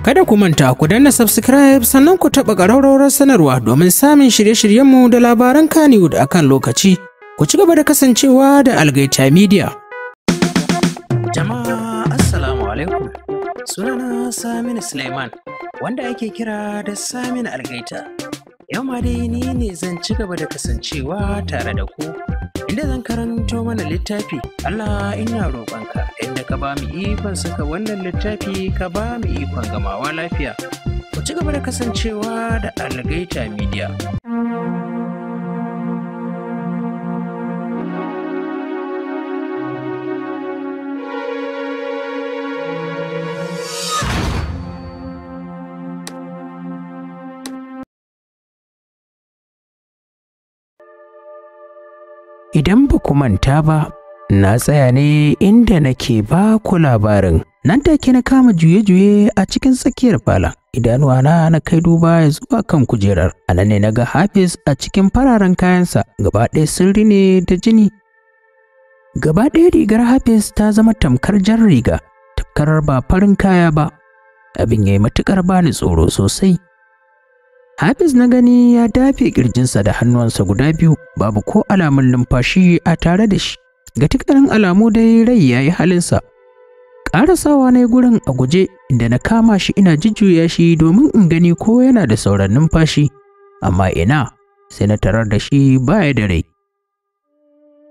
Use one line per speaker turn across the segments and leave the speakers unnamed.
Kada ku manta ku danna subscribe sannan ku taɓa ƙararrawar sanarwa domin samun shirye-shiryenmu da labaran Kannywood a kan lokaci. Ku ci gaba da kasancewa da Algaita Media. Jama'a Assalamu alaikum. Sunana Saminu Suleiman wanda ake kira da Saminu Algaita. Yau ma dai ni ne zan ci gaba da kasancewa tare da ku, inda zan karanto mana littafi, Allah ina roƙonka, inda ka ba mu ikon saka wannan littafi ka ba mu ikon gamawa lafiya. Ku ci gaba da kasancewa da Algaita Media. Idan ba ku manta ba, na tsaya ne inda nake ba ku labarin. Nan take na kama juye-juye a cikin tsakiyar falon. Idanuwana na kai duba ya zuwa kan kujerar. A ne na ga Hafiz a cikin fararen kayansa gaba ɗaya sirri ne da jini. Gaba ɗaya rigar Hafiz ta zama tamkar jan riga, tamkar ba farin kaya ba. Abin ya yi matuƙar bani tsoro sosai. Hafiz na gani ya dafe kirjinsa da hannuwansa guda biyu babu ko alamun numfashi a tare da shi. Ga tukarin alamu dai rai ya yi halinsa. Ƙarasawa na gurin a guje inda na kama shi ina jujjuya shi domin in gani ko yana da sauran numfashi. Amma ina sai na tarar da shi baya da rai.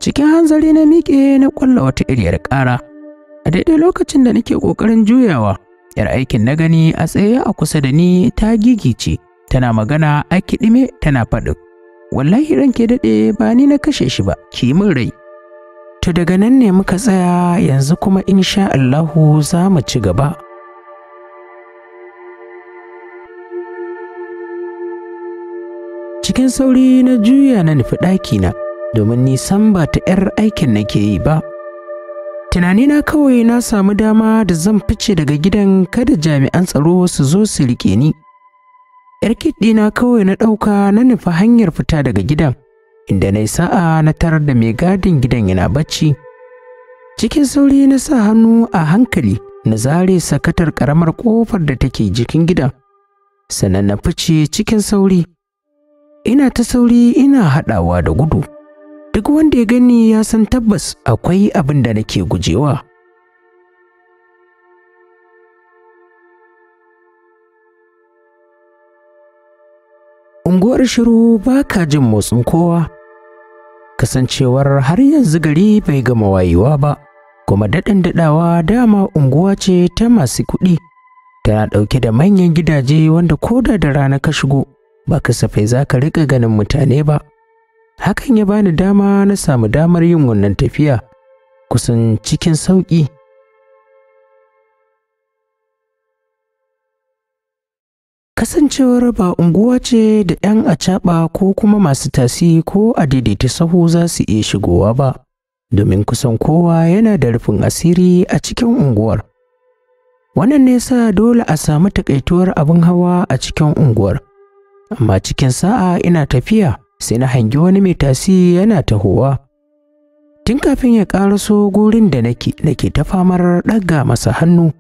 Cikin hanzari na miƙe na ƙwalla wata iriyar ƙara. A daidai lokacin da nake ƙoƙarin juyawa, ‘yar aikin na gani a tsaye a kusa da ni ta gigice. tana magana a kiɗime tana faɗin wallahi ranke daɗe ba ni na kashe shi ba ki min rai to daga nan ne muka tsaya yanzu kuma insha Allahu za mu ci gaba cikin sauri na juya na nufi ɗakina domin nisan ba ta 'yar aikin nake yi ba tunanina kawai na samu dama da zan fice daga gidan kada jami'an tsaro su zo su rike ni Yar ɗina kawai na ɗauka na nufi hanyar fita daga gidan, inda na sa'a na tarar da mai gadin gidan yana bacci. Cikin sauri na sa hannu a hankali na zare sakatar ƙaramar ƙofar da take jikin gidan. Sannan na fice cikin sauri. Ina ta sauri ina haɗawa da gudu. Duk wanda ya gani ya san tabbas akwai abin da nake gujewa. Unguwar shiru ba ka jin motsin kowa, kasancewar har yanzu gari bai gama wayewa ba, kuma daɗin daɗawa dama unguwa ce ta masu kuɗi, tana ɗauke da manyan gidaje wanda koda da rana ka shigo, ba kasafai za ka riƙa ganin mutane ba. Hakan ya bani dama na samu damar yin wannan tafiya kusan cikin sauƙi. kasancewar ba unguwa ce da 'yan acaɓa ko kuma masu tasi ko a daidaita sahu za su iya shigowa ba domin kusan kowa yana da rufin asiri a cikin unguwar wannan nesa dole a samu takaituwar abin hawa a cikin unguwar amma cikin sa'a ina tafiya sai na hangi wani mai tasi yana tahowa tun kafin ya ƙaraso gurin da nake nake ta famar ɗaga masa hannu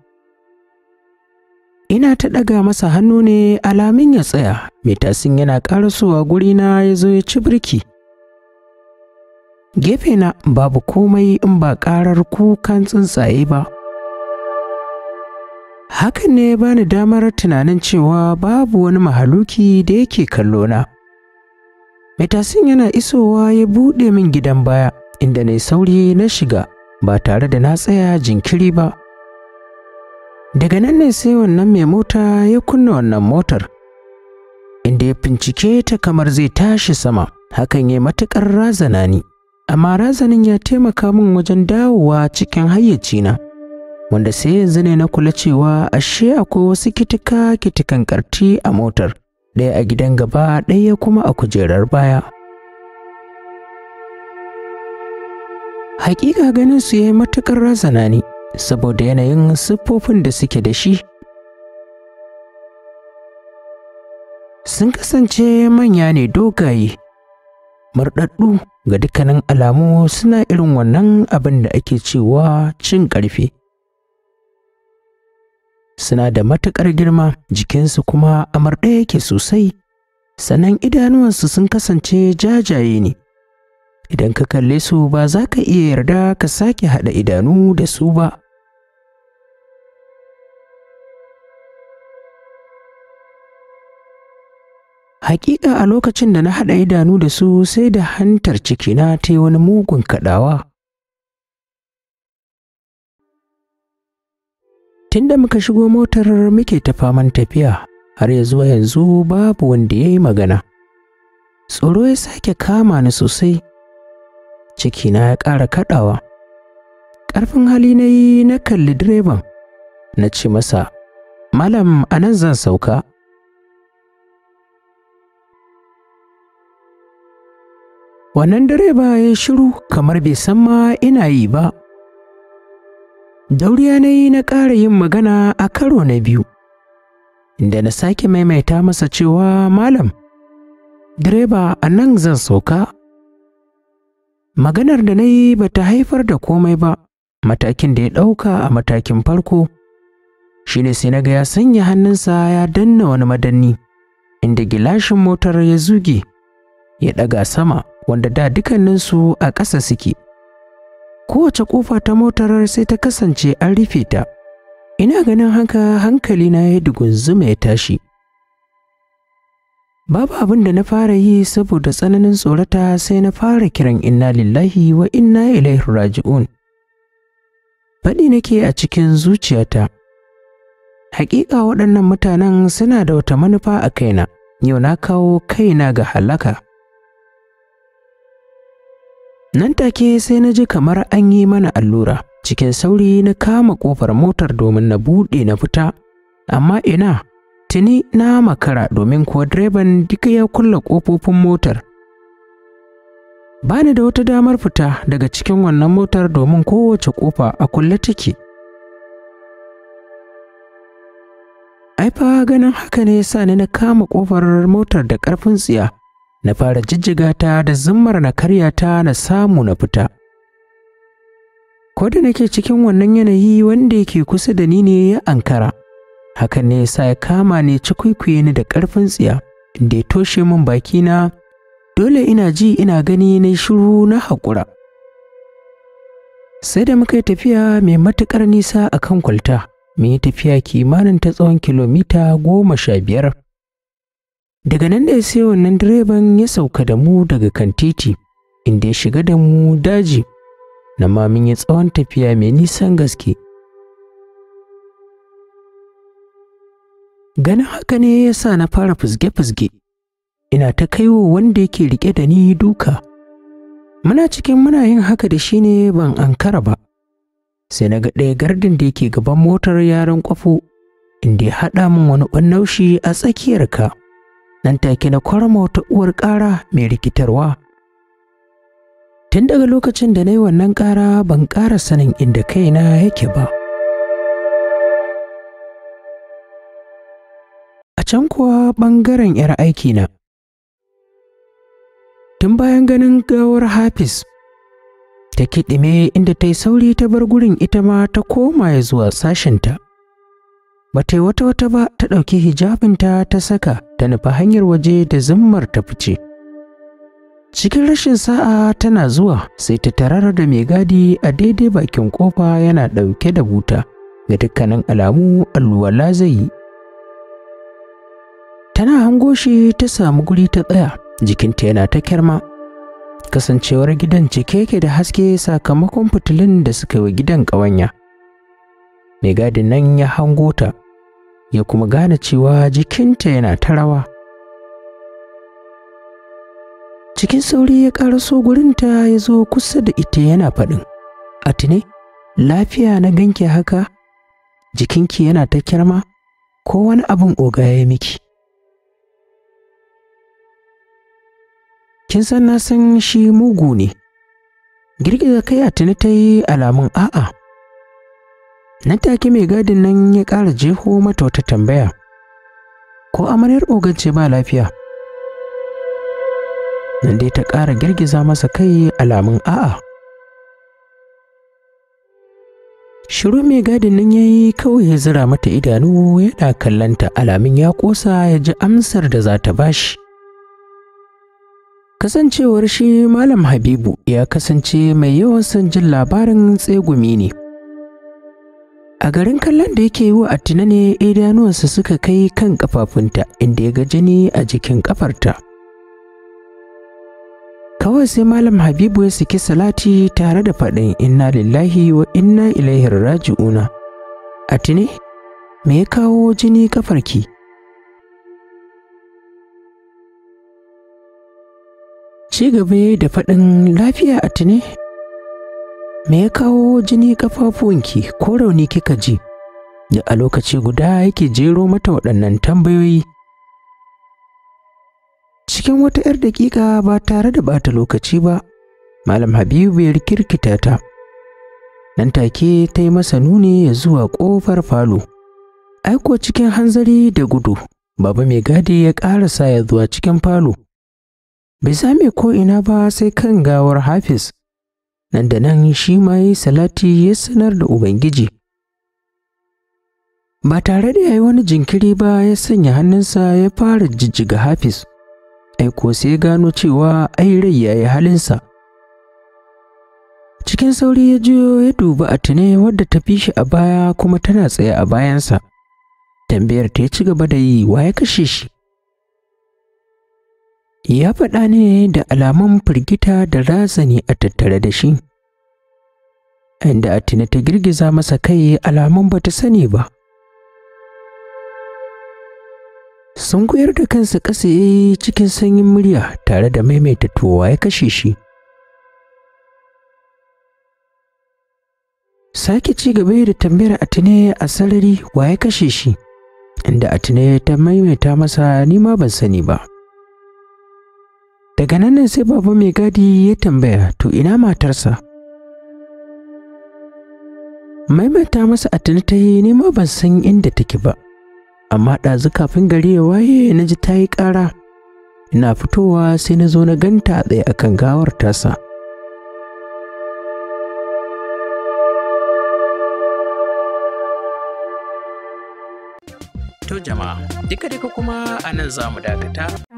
ina ta ɗaga masa hannu ne alamin ya tsaya mai tasin yana ƙarasowa gurina ya zo ya ci birki gefe na babu komai in ba ƙarar kukan tsuntsaye ba hakan ne bani damar tunanin cewa babu wani mahaluki da yake kallona mai tasin yana isowa ya buɗe min gidan baya inda na sauri na shiga ba tare da na tsaya jinkiri ba daga nan ne sai wannan mai mota ya kunna wannan motar inda ya bincike ta kamar zai tashi sama hakan ya matuƙar razana ni amma razanin ya taimaka min wajen dawowa cikin hayyacina wanda sai yanzu ne na kula cewa ashe akwai wasu kitika kitikan karti a motar ɗaya a gidan gaba ɗaya kuma a kujerar baya hakika ganin su yayi matuƙar razana ni saboda yanayin siffofin da suke da shi sun kasance manya ne dogaye murɗaɗɗu ga dukkanin alamu suna irin wannan abin da ake cewa cin ƙarfe suna da matuƙar girma jikinsu kuma a marɗe yake sosai sannan idanuwansu sun kasance jajaye ne idan ka kalle su ba za ka iya yarda ka sake haɗa idanu da su ba. Hakika a lokacin da na haɗa idanu da su sai da hantar cikina ta yi wani mugun kaɗawa. da muka shigo motar muke ta faman tafiya har ya zuwa yanzu babu wanda ya yi magana. Tsoro ya sake kama ni sosai. cikina ya ƙara kaɗawa ƙarfin hali na yi na kalli direban na ce masa malam a nan zan sauka wannan direba ya shiru kamar bai san ma ina yi ba dauriya na yi na ƙara yin magana a karo na biyu da na sake maimaita masa cewa malam direba a nan zan sauka Maganar da na yi ba ta haifar da komai ba, matakin da ya ɗauka a matakin farko shi ne sai na ga ya sanya hannunsa ya danna wani madanni, inda gilashin motar ya zuge, ya ɗaga sama wanda da dukkaninsu a ƙasa suke. Kowace ƙofa ta motar sai ta kasance an rufe ta, ina ganin haka hankali na ya dugunzuma ya tashi. Babu abin da na fara yi saboda tsananin tsorata sai na fara kiran inna lillahi wa inna ilaihi raji'un. Faɗi nake a cikin zuciyata. Hakika waɗannan mutanen suna da wata manufa a kaina, yau na kawo kaina ga halaka. Nan take sai na ji kamar an yi mana allura, cikin sauri na kama ƙofar motar domin na buɗe na fita, amma ina Tuni na makara domin kuwa direban duka ya kulla ƙofofin motar. Bani da wata damar fita daga cikin wannan motar domin kowace ƙofa a kulle take. Ai fa ganin haka ne sa ni na kama ƙofar motar da ƙarfin tsiya. Na fara jijjiga ta da zummar na karya ta na samu na fita. ko da nake cikin wannan yanayi wanda yake kusa da ni ne ya ankara hakan ne yasa ya kama ni cikwikwiye ni da ƙarfin tsiya da ya toshe min bakina dole ina ji ina gani na shiru na haƙura sai da muka yi tafiya mai matuƙar nisa a kan kwalta mun tafiya kimanin ta tsawon kilomita goma sha biyar daga nan da sai wannan direban ya sauka da mu daga kan titi inda ya shiga da mu daji na ma mun tsawon tafiya mai nisan gaske Ganin haka ne ya sa na fara fizge-fizge, ina ta kaiwo wanda yake riƙe da ni duka. Muna cikin muna yin haka da shi ne ban ankara ba. Sai na ga ɗaya gardin da yake gaban motar yaran kwafo, inda ya haɗa min wani ɓannaushi a tsakiyar ka. Nan take na kwarama wata uwar ƙara mai rikitarwa. Tun daga lokacin da na yi wannan ƙara ban ƙara sanin inda kaina yake ba. can kuwa ɓangaren 'yar aikina. Tun bayan ganin gawar Hafiz, ta kiɗime inda ta yi sauri ta bar gurin ita ma ta koma ya zuwa sashinta. Ba ta yi wata wata ba ta ɗauki hijabinta ta saka ta nufa hanyar waje da zimmar ta fice. Cikin rashin sa'a tana zuwa sai ta tarara da mai gadi a daidai bakin kofa yana ɗauke da buta. Ga dukkanin alamu alwala zai yi. tana hango shi ta samu guri ta tsaya jikinta yana ta kyarma kasancewar gidan cike yake da haske sakamakon fitilun da suka yi gidan ƙawanya mai gadin nan ya hango ta ya kuma gane cewa jikinta yana ta rawa cikin sauri ya ƙaraso gurinta ya zo kusa da ita yana faɗin atine lafiya na ganke haka jikinki yana ta kirma ko wani abin oga ya miki kin san na san shi mugu ne girgiza kai a tuni ta yi alamun a'a nan take mai gadin nan ya ƙara jeho mata wata tambaya ko amaryar ogan ce ba lafiya nan dai ta ƙara girgiza masa kai alamun a'a shiru mai gadin nan ya yi kawai ya zira mata idanu yana kallanta alamin ya ƙosa ya ji amsar da za ta bashi Kasancewar shi Malam Habibu ya kasance mai yawan son jin labarin tsegumi ne. A garin kallon da yake yi wa Atina ne idanuwansa suka kai kan kafafunta inda ya ga jini a jikin kafarta. Kawai sai Malam Habibu ya saki salati tare da faɗin inna lillahi wa inna ilaihi raji'una. Atine, me ya kawo jini kafarki? ci gaba da faɗin lafiya a tuni? me ya kawo jini ƙafafuwanki ko rauni kika ji da a lokaci guda yake jero mata waɗannan tambayoyi cikin wata 'yar daƙiƙa ba tare da bata lokaci ba malam habibu ya rikirkita ta nan take ta yi masa nuni ya zuwa ƙofar falo aiko cikin hanzari da gudu baba mai gadi ya ƙarasa ya zuwa cikin falo bai same ko ina ba sai kan gawar hafiz nan da nan shi ma yi salati ya sanar da ubangiji ba tare da ya yi wani jinkiri ba ya sanya hannunsa ya fara jijjiga hafiz aiko sai gano cewa ai rai ya yi halinsa cikin sauri ya jiyo ya duba a tune wadda ta fi shi a baya kuma tana tsaye a bayansa tambayar ta ci gaba da yi wa ya kashe shi ya faɗa ne da alamun firgita da razani a tattare da shi inda atina ta girgiza masa kai alamun ba ta sani ba sun koyar da kansa ƙasa cikin sanyin murya tare da maimaita tuwa ya kashe shi sake ci gaba da tambayar atine a sarari wa ya kashe shi inda atine ta maimaita masa nima ban sani ba daga nan sai baba mai gadi ya tambaya to ina matarsa maimaita masa a tuni ta yi nema ban san inda take ba amma ɗazu kafin gari ya waye na ji ta yi ƙara ina fitowa sai na zo na ganta tsaye akan gawar tasa to jama'a duka-duka kuma a nan za mu dakata